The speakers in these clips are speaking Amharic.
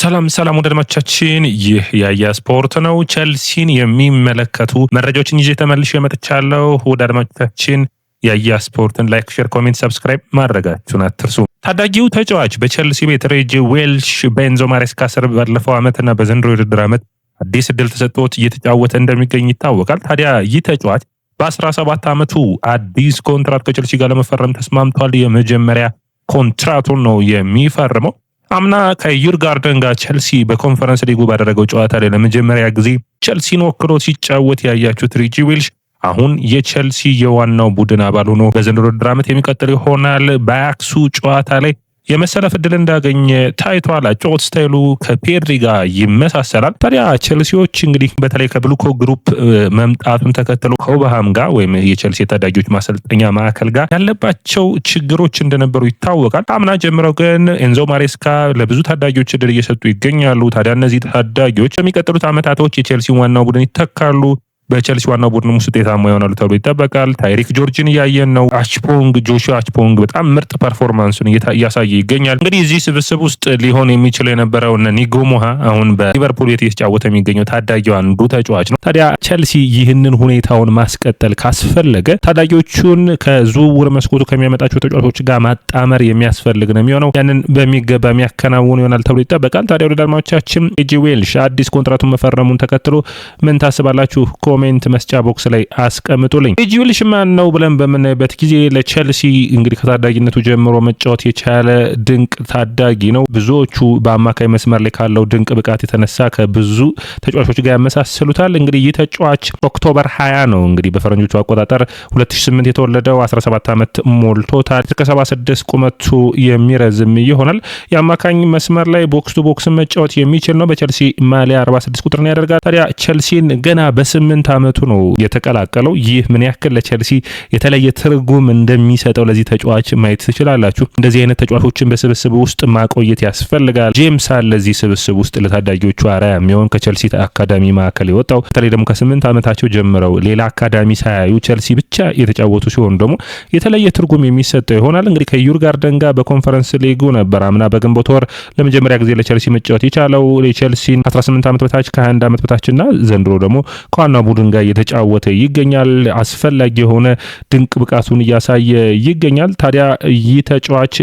ሰላም ሰላም ወዳጆቻችን፣ ይህ ያያ ስፖርት ነው። ቸልሲን የሚመለከቱ መረጃዎችን ይዤ ተመልሼ ወደ አድማጮቻችን ያያ ስፖርትን ላይክ፣ ሼር፣ ኮሜንት፣ ሰብስክራይብ ማድረጋችሁን አትርሱ። ታዳጊው ተጫዋች በቸልሲ ቤት ሬጅ ዌልሽ በኤንዞ ማሬስካ ስር ባለፈው እና በዘንድሮ የውድድር ዓመት አዲስ እድል ተሰጥቶት እየተጫወተ እንደሚገኝ ይታወቃል። ታዲያ ይህ ተጫዋች በ17 ዓመቱ አዲስ ኮንትራት ከቸልሲ ጋር ለመፈረም ተስማምቷል። የመጀመሪያ ኮንትራቱን ነው የሚፈርመው። አምና ከዩርጋርደን ጋር ቸልሲ በኮንፈረንስ ሊጉ ባደረገው ጨዋታ ላይ ለመጀመሪያ ጊዜ ቸልሲን ወክሎ ሲጫወት ያያችሁት ሪጂ ዊልሽ አሁን የቸልሲ የዋናው ቡድን አባል ሆኖ በዘንድሮ ውድድር ዓመት የሚቀጥል ይሆናል። በአያክሱ ጨዋታ ላይ የመሰለፍ እድል እንዳገኘ ታይቷል። አጨዋወት ስታይሉ ከፔድሪ ጋር ይመሳሰላል። ታዲያ ቼልሲዎች እንግዲህ በተለይ ከብሉኮ ግሩፕ መምጣቱን ተከትሎ ከኦባሃም ጋር ወይም የቼልሲ ታዳጊዎች ማሰልጠኛ ማዕከል ጋር ያለባቸው ችግሮች እንደነበሩ ይታወቃል። አምና ጀምረው ግን ኤንዞ ማሬስካ ለብዙ ታዳጊዎች እድል እየሰጡ ይገኛሉ። ታዲያ እነዚህ ታዳጊዎች በሚቀጥሉት ዓመታቶች የቼልሲን ዋናው ቡድን ይተካሉ። በቸልሲ ዋናው ቡድን ውስጥ ውጤታማ ይሆናሉ ተብሎ ይጠበቃል። ታይሪክ ጆርጅን እያየን ነው። አችፖንግ ጆሹ አችፖንግ በጣም ምርጥ ፐርፎርማንስን እያሳየ ይገኛል። እንግዲህ እዚህ ስብስብ ውስጥ ሊሆን የሚችለው የነበረው እነ ኒጎ ሞሃ አሁን በሊቨርፑል ቤት እየተጫወተ የሚገኘው ታዳጊው አንዱ ተጫዋች ነው። ታዲያ ቸልሲ ይህንን ሁኔታውን ማስቀጠል ካስፈለገ ታዳጊዎቹን ከዝውውር መስኮቱ ከሚያመጣቸው ተጫዋቾች ጋር ማጣመር የሚያስፈልግ ነው የሚሆነው። ያንን በሚገባ የሚያከናውን ይሆናል ተብሎ ይጠበቃል። ታዲያ ወደ ዳልማዎቻችን ኤጂ ዌልሽ አዲስ ኮንትራቱን መፈረሙን ተከትሎ ምን ታስባላችሁ? ኮሜንት መስጫ ቦክስ ላይ አስቀምጡልኝ። ጂልሽ ማን ነው ብለን በምናይበት ጊዜ ለቸልሲ እንግዲህ ከታዳጊነቱ ጀምሮ መጫወት የቻለ ድንቅ ታዳጊ ነው። ብዙዎቹ በአማካይ መስመር ላይ ካለው ድንቅ ብቃት የተነሳ ከብዙ ተጫዋቾች ጋር ያመሳስሉታል። እንግዲህ ይህ ተጫዋች ኦክቶበር 20 ነው እንግዲህ በፈረንጆቹ አቆጣጠር 2008 የተወለደው 17 ዓመት ሞልቶታል። እስከ 76 ቁመቱ የሚረዝም ይሆናል። የአማካኝ መስመር ላይ ቦክስ ቱ ቦክስ መጫወት የሚችል ነው። በቸልሲ ማሊያ 46 ቁጥርን ያደርጋል። ታዲያ ቼልሲን ገና በስምንት ዓመቱ ነው የተቀላቀለው። ይህ ምን ያክል ለቸልሲ የተለየ ትርጉም እንደሚሰጠው ለዚህ ተጫዋች ማየት ትችላላችሁ። እንደዚህ አይነት ተጫዋቾችን በስብስብ ውስጥ ማቆየት ያስፈልጋል። ጄምስ አለ ስብስብ ውስጥ ለታዳጊዎቹ አርአያ የሚሆን ከቸልሲ አካዳሚ ማዕከል የወጣው በተለይ ደግሞ ከስምንት ዓመታቸው ጀምረው ሌላ አካዳሚ ሳያዩ ቸልሲ ብቻ የተጫወቱ ሲሆኑ ደግሞ የተለየ ትርጉም የሚሰጠው ይሆናል። እንግዲህ ከዩርጋርደን ጋር በኮንፈረንስ ሊጉ ነበር አምና በግንቦት ወር ለመጀመሪያ ጊዜ ለቸልሲ መጫወት የቻለው የቸልሲን 18 ዓመት በታች ከ21 ዓመት በታችና ዘንድሮ ደግሞ ከዋናው ቡድን ጋር እየተጫወተ ይገኛል። አስፈላጊ የሆነ ድንቅ ብቃቱን እያሳየ ይገኛል። ታዲያ ይህ ተጫዋች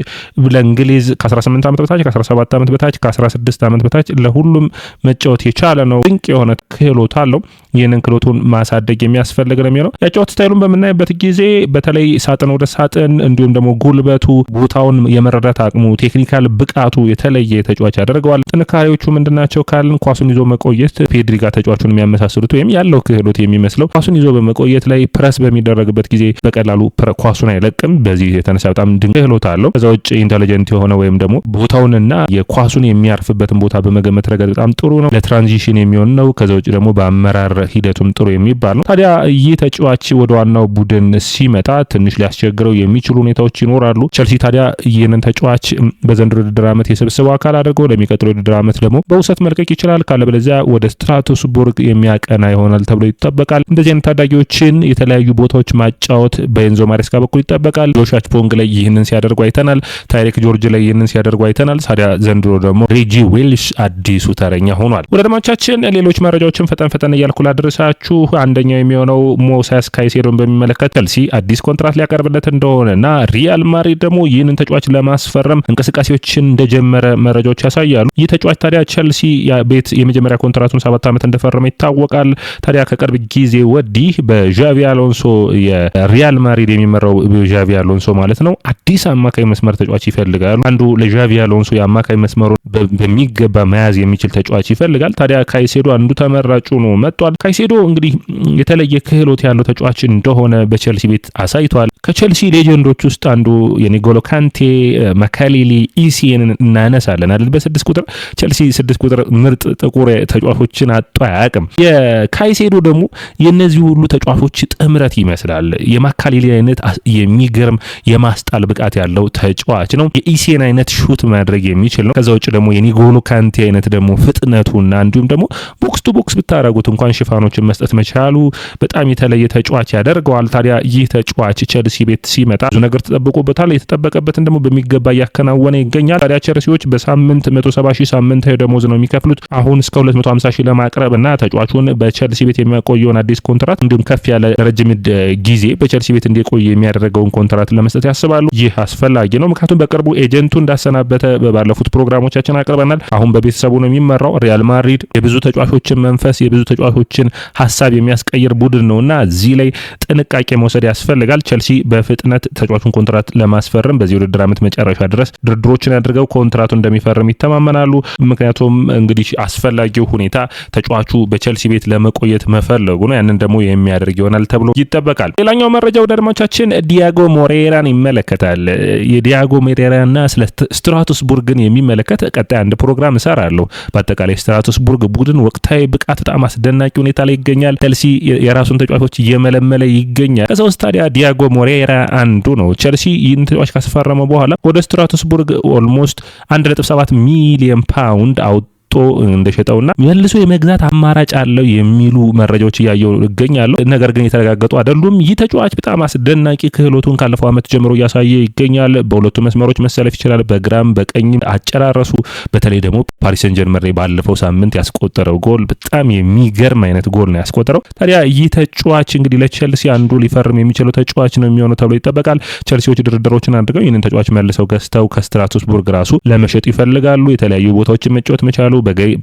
ለእንግሊዝ ከ18 ዓመት በታች ከ17 ዓመት በታች ከ16 ዓመት በታች ለሁሉም መጫወት የቻለ ነው። ድንቅ የሆነ ክህሎት አለው። ይህንን ክህሎቱን ማሳደግ የሚያስፈልግ ነው የሚለው የጫወት ስታይሉን በምናይበት ጊዜ በተለይ ሳጥን ወደ ሳጥን እንዲሁም ደግሞ ጉልበቱ፣ ቦታውን የመረዳት አቅሙ፣ ቴክኒካል ብቃቱ የተለየ ተጫዋች ያደርገዋል። ጥንካሬዎቹ ምንድናቸው ካልን ኳሱን ይዞ መቆየት ፔድሪ ጋር ተጫዋቹን የሚያመሳስሉት ወይም ያለው ክህሎት የሚመስለው ኳሱን ይዞ በመቆየት ላይ ፕረስ በሚደረግበት ጊዜ በቀላሉ ኳሱን አይለቅም። በዚህ የተነሳ በጣም ድንቅ ክህሎት አለው። ከዛ ውጭ ኢንቴሊጀንት የሆነ ወይም ደግሞ ቦታውንና የኳሱን የሚያርፍበትን ቦታ በመገመት ረገድ በጣም ጥሩ ነው። ለትራንዚሽን የሚሆን ነው። ከዛ ውጭ ደግሞ በአመራር ሂደቱም ጥሩ የሚባል ነው። ታዲያ ይህ ተጫዋች ወደ ዋናው ቡድን ሲመጣ ትንሽ ሊያስቸግረው የሚችሉ ሁኔታዎች ይኖራሉ። ቸልሲ ታዲያ ይህንን ተጫዋች በዘንድሮ ውድድር ዓመት የስብስቡ አካል አድርገው ለሚቀጥለው ውድድር ዓመት ደግሞ በውሰት መልቀቅ ይችላል። ካለበለዚያ ወደ ስትራቶስቡርግ የሚያቀና ይሆናል ተብሎ ይጠበቃል። እንደዚህ አይነት ታዳጊዎችን የተለያዩ ቦታዎች ማጫወት በኤንዞ ማሬስካ በኩል ይጠበቃል። ሎሻች ፖንግ ላይ ይህንን ሲያደርጉ አይተናል። ታይሬክ ጆርጅ ላይ ይህንን ሲያደርጉ አይተናል። ታዲያ ዘንድሮ ደግሞ ሪጂ ዌልሽ አዲሱ ተረኛ ሆኗል። ወደ አድማቻችን ሌሎች መረጃዎችን ፈጠን ፈጠን እያልኩ ላደረሳችሁ አንደኛው የሚሆነው ሞሳያስ ካይሴዶን በሚመለከት ቸልሲ አዲስ ኮንትራት ሊያቀርብለት እንደሆነና ሪያል ማድሪድ ደግሞ ይህንን ተጫዋች ለማስፈረም እንቅስቃሴዎችን እንደጀመረ መረጃዎች ያሳያሉ። ይህ ተጫዋች ታዲያ ቸልሲ ቤት የመጀመሪያ ኮንትራቱን ሰባት ዓመት እንደፈረመ ይታወቃል። ታዲያ ከቅርብ ጊዜ ወዲህ በዣቪ አሎንሶ የሪያል ማድሪድ የሚመራው ዣቪ አሎንሶ ማለት ነው አዲስ አማካይ መስመር ተጫዋች ይፈልጋሉ። አንዱ ለዣቪ አሎንሶ የአማካይ መስመሩን በሚገባ መያዝ የሚችል ተጫዋች ይፈልጋል። ታዲያ ካይሴዶ አንዱ ተመራጩ ነው መጥቷል። ካይሴዶ እንግዲህ የተለየ ክህሎት ያለው ተጫዋች እንደሆነ በቼልሲ ቤት አሳይቷል። ከቸልሲ ሌጀንዶች ውስጥ አንዱ የኒጎሎ ካንቴ፣ መካሌሊ፣ ኢሲን እናነሳለን አይደል? በስድስት ቁጥር ቸልሲ ስድስት ቁጥር ምርጥ ጥቁር ተጫዋቾችን አጦ አያውቅም። የካይሴዶ ደግሞ የእነዚህ ሁሉ ተጫዋቾች ጥምረት ይመስላል። የማካሌሊ አይነት የሚገርም የማስጣል ብቃት ያለው ተጫዋች ነው። የኢሲን አይነት ሹት ማድረግ የሚችል ነው። ከዛ ውጭ ደግሞ የኒጎሎ ካንቴ አይነት ደግሞ ፍጥነቱና እንዲሁም ደግሞ ቦክስ ቱ ቦክስ ብታደረጉት እንኳን ሽፋኖችን መስጠት መቻሉ በጣም የተለየ ተጫዋች ያደርገዋል። ታዲያ ይህ ተጫዋች ቸልሲ ቤት ሲመጣ ብዙ ነገር ተጠብቆበታል። የተጠበቀበትን ደግሞ በሚገባ እያከናወነ ይገኛል። ታዲያ ቸልሲዎች በሳምንት 170 ሺህ ሳምንታዊ ደሞዝ ነው የሚከፍሉት። አሁን እስከ 250 ሺህ ለማቅረብ እና ተጫዋቹን በቸልሲ ቤት የሚያቆየውን አዲስ ኮንትራት እንዲሁም ከፍ ያለ ረጅም ጊዜ በቸልሲ ቤት እንዲቆይ የሚያደረገውን ኮንትራት ለመስጠት ያስባሉ። ይህ አስፈላጊ ነው፣ ምክንያቱም በቅርቡ ኤጀንቱ እንዳሰናበተ ባለፉት ፕሮግራሞቻችን አቅርበናል። አሁን በቤተሰቡ ነው የሚመራው። ሪያል ማድሪድ የብዙ ተጫዋቾችን መንፈስ የብዙ ተጫዋቾችን ሀሳብ የሚያስቀይር ቡድን ነው እና እዚህ ላይ ጥንቃቄ መውሰድ ያስፈልጋል። ቸልሲ በፍጥነት ተጫዋቹን ኮንትራት ለማስፈረም በዚህ ውድድር ዓመት መጨረሻ ድረስ ድርድሮችን አድርገው ኮንትራቱ እንደሚፈርም ይተማመናሉ። ምክንያቱም እንግዲህ አስፈላጊው ሁኔታ ተጫዋቹ በቸልሲ ቤት ለመቆየት መፈለጉ ነው። ያንን ደግሞ የሚያደርግ ይሆናል ተብሎ ይጠበቃል። ሌላኛው መረጃ ወደ አድማቻችን ዲያጎ ሞሬራን ይመለከታል። የዲያጎ ሞሬራና ስለ ስትራቶስቡርግን የሚመለከት ቀጣይ አንድ ፕሮግራም እሰራለሁ። በአጠቃላይ ስትራቶስቡርግ ቡድን ወቅታዊ ብቃት በጣም አስደናቂ ሁኔታ ላይ ይገኛል። ቸልሲ የራሱን ተጫዋቾች እየመለመለ ይገኛል። ከሰውስጥ ታዲያ ዲያጎ ሞሬራ ሞሬራ አንዱ ነው። ቸልሲ ይህን ተጫዋች ካስፈረመው በኋላ ወደ ስትራቶስቡርግ ኦልሞስት 1.7 ሚሊዮን ፓውንድ አውጥ እንደሸጠውና መልሶ የመግዛት አማራጭ አለው የሚሉ መረጃዎች እያየው ይገኛሉ። ነገር ግን የተረጋገጡ አይደሉም። ይህ ተጫዋች በጣም አስደናቂ ክህሎቱን ካለፈው ዓመት ጀምሮ እያሳየ ይገኛል። በሁለቱ መስመሮች መሰለፍ ይችላል። በግራም በቀኝ አጨራረሱ፣ በተለይ ደግሞ ፓሪስ ጀርመን ላይ ባለፈው ሳምንት ያስቆጠረው ጎል በጣም የሚገርም አይነት ጎል ነው ያስቆጠረው። ታዲያ ይህ ተጫዋች እንግዲህ ለቸልሲ አንዱ ሊፈርም የሚችለው ተጫዋች ነው የሚሆነው ተብሎ ይጠበቃል። ቸልሲዎች ድርድሮችን አድርገው ይህንን ተጫዋች መልሰው ገዝተው ከስትራስቡርግ ራሱ ለመሸጥ ይፈልጋሉ። የተለያዩ ቦታዎችን መጫወት መቻሉ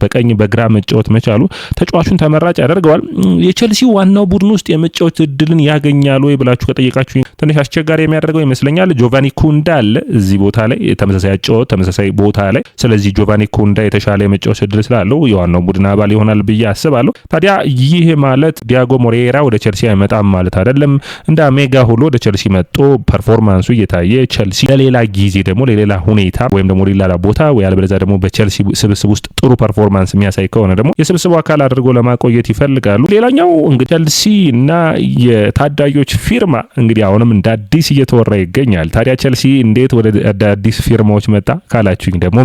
በቀኝ በግራ መጫወት መቻሉ ተጫዋቹን ተመራጭ ያደርገዋል። የቼልሲ ዋናው ቡድን ውስጥ የመጫወት እድልን ያገኛል ወይ ብላችሁ ከጠየቃችሁ ትንሽ አስቸጋሪ የሚያደርገው ይመስለኛል። ጆቫኒ ኩንዳ አለ እዚህ ቦታ ላይ ተመሳሳይ አጫወት ተመሳሳይ ቦታ ላይ። ስለዚህ ጆቫኒ ኩንዳ የተሻለ የመጫወት እድል ስላለው የዋናው ቡድን አባል ይሆናል ብዬ አስባለሁ። ታዲያ ይህ ማለት ዲያጎ ሞሬራ ወደ ቼልሲ አይመጣም ማለት አይደለም። እንደ አሜጋ ሁሎ ወደ ቼልሲ መጥቶ ፐርፎርማንሱ እየታየ ቼልሲ ለሌላ ጊዜ ደግሞ ለሌላ ሁኔታ ወይም ደግሞ ሌላ ቦታ ወይ አለበለዚያ ደግሞ በቼልሲ ስብስብ ውስጥ ጥሩ ፐርፎርማንስ የሚያሳይ ከሆነ ደግሞ የስብስቡ አካል አድርጎ ለማቆየት ይፈልጋሉ። ሌላኛው እንግዲህ ቸልሲ እና የታዳጊዎች ፊርማ እንግዲህ አሁንም እንደ አዲስ እየተወራ ይገኛል። ታዲያ ቸልሲ እንዴት ወደ አዳዲስ ፊርማዎች መጣ ካላችሁኝ ደግሞ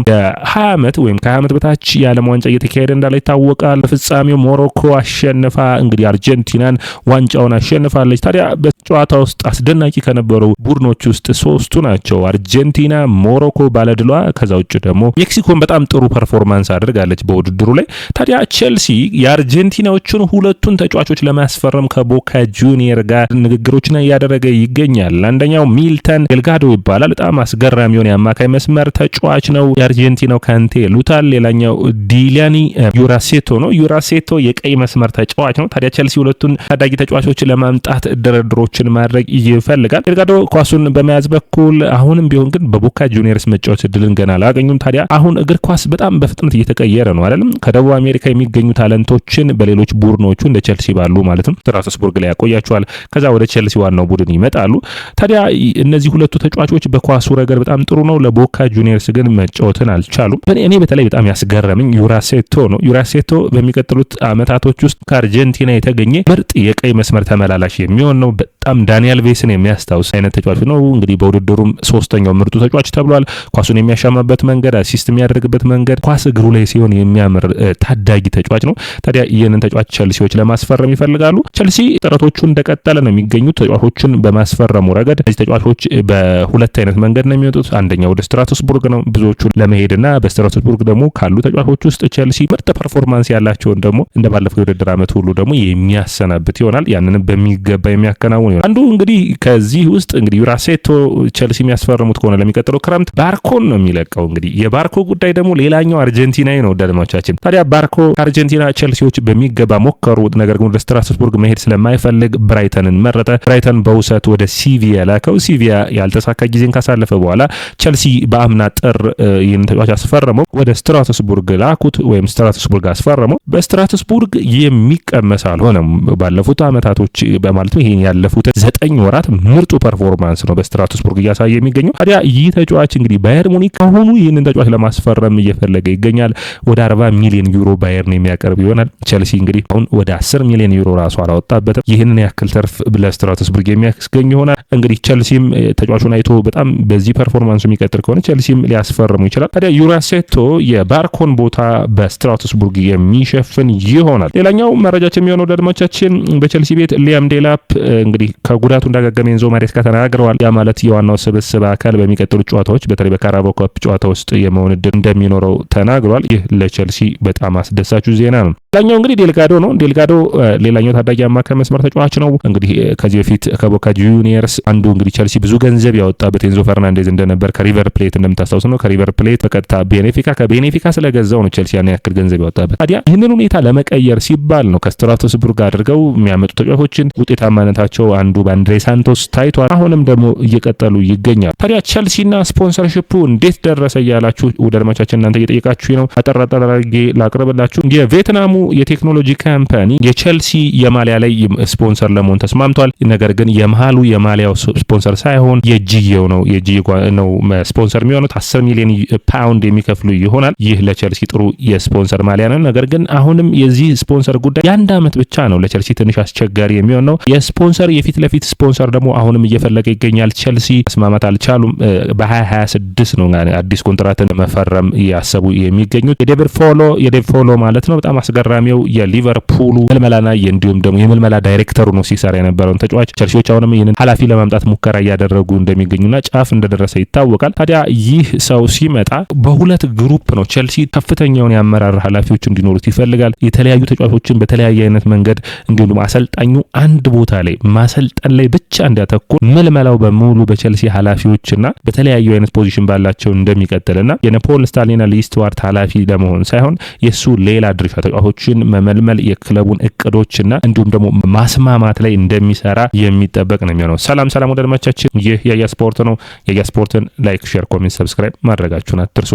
ሀያ ዓመት ወይም ከሀያ ዓመት በታች የዓለም ዋንጫ እየተካሄደ እንዳለ ይታወቃል። በፍጻሜው ሞሮኮ አሸንፋ እንግዲህ አርጀንቲናን ዋንጫውን አሸንፋለች። ታዲያ ጨዋታ ውስጥ አስደናቂ ከነበሩ ቡድኖች ውስጥ ሶስቱ ናቸው። አርጀንቲና፣ ሞሮኮ ባለድሏ፣ ከዛ ውጭ ደግሞ ሜክሲኮን በጣም ጥሩ ፐርፎርማንስ አድርጋለች በውድድሩ ላይ። ታዲያ ቼልሲ የአርጀንቲናዎቹን ሁለቱን ተጫዋቾች ለማስፈረም ከቦካ ጁኒየር ጋር ንግግሮችን እያደረገ ይገኛል። አንደኛው ሚልተን ዴልጋዶ ይባላል። በጣም አስገራሚ የሆነ የአማካይ መስመር ተጫዋች ነው። የአርጀንቲናው ካንቴ ሉታል። ሌላኛው ዲሊያኒ ዩራሴቶ ነው። ዩራሴቶ የቀይ መስመር ተጫዋች ነው። ታዲያ ቼልሲ ሁለቱን ታዳጊ ተጫዋቾች ለማምጣት ድርድሮች ጨዋታዎችን ማድረግ ይፈልጋል። ኤልጋዶ ኳሱን በመያዝ በኩል አሁንም ቢሆን ግን በቦካ ጁኒየርስ መጫወት እድልን ገና አላገኙም። ታዲያ አሁን እግር ኳስ በጣም በፍጥነት እየተቀየረ ነው አይደለም? ከደቡብ አሜሪካ የሚገኙ ታለንቶችን በሌሎች ቡድኖቹ እንደ ቸልሲ ባሉ ማለትም ስትራስቡርግ ላይ ያቆያቸዋል። ከዛ ወደ ቸልሲ ዋናው ቡድን ይመጣሉ። ታዲያ እነዚህ ሁለቱ ተጫዋቾች በኳሱ ረገድ በጣም ጥሩ ነው። ለቦካ ጁኒየርስ ግን መጫወትን አልቻሉም። እኔ በተለይ በጣም ያስገረምኝ ዩራሴቶ ነው። ዩራሴቶ በሚቀጥሉት አመታቶች ውስጥ ከአርጀንቲና የተገኘ ምርጥ የቀይ መስመር ተመላላሽ የሚሆን ነው። በጣም ዳንኤል ቬስን የሚያስታውስ አይነት ተጫዋች ነው። እንግዲህ በውድድሩም ሶስተኛው ምርጡ ተጫዋች ተብሏል። ኳሱን የሚያሻማበት መንገድ፣ አሲስት የሚያደርግበት መንገድ፣ ኳስ እግሩ ላይ ሲሆን የሚያምር ታዳጊ ተጫዋች ነው። ታዲያ ይህንን ተጫዋች ቸልሲዎች ለማስፈረም ይፈልጋሉ። ቸልሲ ጥረቶቹ እንደቀጠለ ነው የሚገኙት። ተጫዋቾችን በማስፈረሙ ረገድ እነዚህ ተጫዋቾች በሁለት አይነት መንገድ ነው የሚወጡት። አንደኛው ወደ ስትራስቡርግ ነው ብዙዎቹ ለመሄድና በስትራስቡርግ ደግሞ ካሉ ተጫዋቾች ውስጥ ቸልሲ ምርጥ ፐርፎርማንስ ያላቸውን ደግሞ እንደ ባለፈው የውድድር ዓመት ሁሉ ደግሞ የሚያሰናብት ይሆናል። ያንንም በሚገባ የሚያከናውን ይሆናል። አንዱ እንግዲህ ከዚህ ውስጥ እንግዲህ ራሴቶ ቸልሲ የሚያስፈርሙት ከሆነ ለሚቀጥለው ክረምት ባርኮን ነው የሚለቀው። እንግዲህ የባርኮ ጉዳይ ደግሞ ሌላኛው አርጀንቲናዊ ነው። ወዳድማቻችን ታዲያ ባርኮ ከአርጀንቲና ቸልሲዎች በሚገባ ሞከሩ፣ ነገር ግን ወደ ስትራስቡርግ መሄድ ስለማይፈልግ ብራይተንን መረጠ። ብራይተን በውሰት ወደ ሲቪያ ላከው። ሲቪያ ያልተሳካ ጊዜን ካሳለፈ በኋላ ቸልሲ በአምና ጥር ይህን ተጫዋች አስፈረመው፣ ወደ ስትራስቡርግ ላኩት ወይም ስትራስቡርግ አስፈረመው። በስትራስቡርግ የሚቀመስ አልሆነም ባለፉት አመታቶች በማለት ይሄን ያለፉት ዘጠኝ ወራት ምርጡ ፐርፎርማንስ ነው ቡርግ እያሳየ የሚገኘው። ታዲያ ይህ ተጫዋች እንግዲህ ባየር ሙኒክ ከአሁኑ ይህንን ተጫዋች ለማስፈረም እየፈለገ ይገኛል። ወደ አርባ ሚሊዮን ዩሮ ባየርን የሚያቀርብ ይሆናል። ቸልሲ እንግዲህ አሁን ወደ አስር ሚሊዮን ዩሮ ራሱ አላወጣበትም። ይህንን ያክል ተርፍ ለስትራስቡርግ የሚያስገኝ ይሆናል። እንግዲህ ቸልሲም ተጫዋቹን አይቶ በጣም በዚህ ፐርፎርማንሱ የሚቀጥል ከሆነ ቸልሲም ሊያስፈርሙ ይችላል። ታዲያ ዩራሴቶ የባርኮን ቦታ በስትራስቡርግ የሚሸፍን ይሆናል። ሌላኛው መረጃችን የሚሆነው ለአድማጮቻችን በቸልሲ ቤት ሊያም ዴላፕ እንግዲህ ከጉዳቱ እንዳገገመ ኤንዞ ማሬስካ ተናግረዋል። ያ ማለት የዋናው ስብስብ አካል በሚቀጥሉ ጨዋታዎች በተለይ በካራቦ ካፕ ጨዋታ ውስጥ የመሆን እድል እንደሚኖረው ተናግሯል። ይህ ለቸልሲ በጣም አስደሳቹ ዜና ነው። ሌላኛው እንግዲህ ዴልጋዶ ነው። ዴልጋዶ ሌላኛው ታዳጊ አማካይ መስመር ተጫዋች ነው። እንግዲህ ከዚህ በፊት ከቦካ ጁኒየርስ አንዱ እንግዲህ ቸልሲ ብዙ ገንዘብ ያወጣበት ኤንዞ ፈርናንዴዝ እንደነበር ከሪቨር ፕሌት እንደምታስታውስ ነው። ከሪቨር ፕሌት በቀጥታ ቤኔፊካ ከቤኔፊካ ስለገዛው ነው ቸልሲ ያን ያክል ገንዘብ ያወጣበት። ታዲያ ይህንን ሁኔታ ለመቀየር ሲባል ነው ከስትራቶስቡርግ አድርገው የሚያመጡ ተጫዋቾችን ውጤታማነታቸው አንዱ በአንድሬ ሳንቶስ ታይቷል። አሁንም ደግሞ እየቀጠሉ ይገኛል። ታዲያ ቸልሲና ስፖንሰርሽፑ እንዴት ደረሰ እያላችሁ ውድ አድማቻችን እናንተ እየጠየቃችሁ ነው። አጠራጠራጌ ላቅርብላችሁ የቬትናሙ የቴክኖሎጂ ካምፓኒ የቸልሲ የማሊያ ላይ ስፖንሰር ለመሆን ተስማምቷል። ነገር ግን የመሀሉ የማሊያው ስፖንሰር ሳይሆን የጂየው ነው የእጅጌው ነው ስፖንሰር የሚሆኑት አስር ሚሊዮን ፓውንድ የሚከፍሉ ይሆናል። ይህ ለቸልሲ ጥሩ የስፖንሰር ማሊያ ነው። ነገር ግን አሁንም የዚህ ስፖንሰር ጉዳይ የአንድ አመት ብቻ ነው ለቸልሲ ትንሽ አስቸጋሪ የሚሆን ነው። የስፖንሰር የፊት ለፊት ስፖንሰር ደግሞ አሁንም እየፈለገ ይገኛል። ቸልሲ መስማማት አልቻሉም። በ2026 ነው አዲስ ኮንትራትን መፈረም እያሰቡ የሚገኙት የዴቪድ ፎሎ የዴቪድ ፎሎ ማለት ነው። በጣም አስገራ አስገራሚው የሊቨርፑሉ ምልመላና እንዲሁም ደግሞ የምልመላ ዳይሬክተሩ ነው ሲሰራ የነበረውን ተጫዋች ቸልሲዎች አሁንም ይህንን ኃላፊ ለማምጣት ሙከራ እያደረጉ እንደሚገኙና ጫፍ እንደደረሰ ይታወቃል። ታዲያ ይህ ሰው ሲመጣ በሁለት ግሩፕ ነው ቸልሲ ከፍተኛውን የአመራር ኃላፊዎች እንዲኖሩት ይፈልጋል። የተለያዩ ተጫዋቾችን በተለያየ አይነት መንገድ እንዲሁም ደግሞ አሰልጣኙ አንድ ቦታ ላይ ማሰልጠን ላይ ብቻ እንዲያተኩር ምልመላው በሙሉ በቸልሲ ኃላፊዎችና በተለያዩ አይነት ፖዚሽን ባላቸው እንደሚቀጥልና የነፖል ስታሊና ሊስትዋርት ኃላፊ ለመሆን ሳይሆን የእሱ ሌላ ድርሻ ተጫዋቾች ተጫዋቾችን መመልመል የክለቡን እቅዶችና እንዲሁም ደግሞ ማስማማት ላይ እንደሚሰራ የሚጠበቅ ነው የሚሆነው። ሰላም ሰላም ወደ ወዳጆቻችን፣ ይህ የያ ስፖርት ነው። የያ ስፖርትን ላይክ፣ ሼር፣ ኮሜንት፣ ሰብስክራይብ ማድረጋችሁን አትርሱ።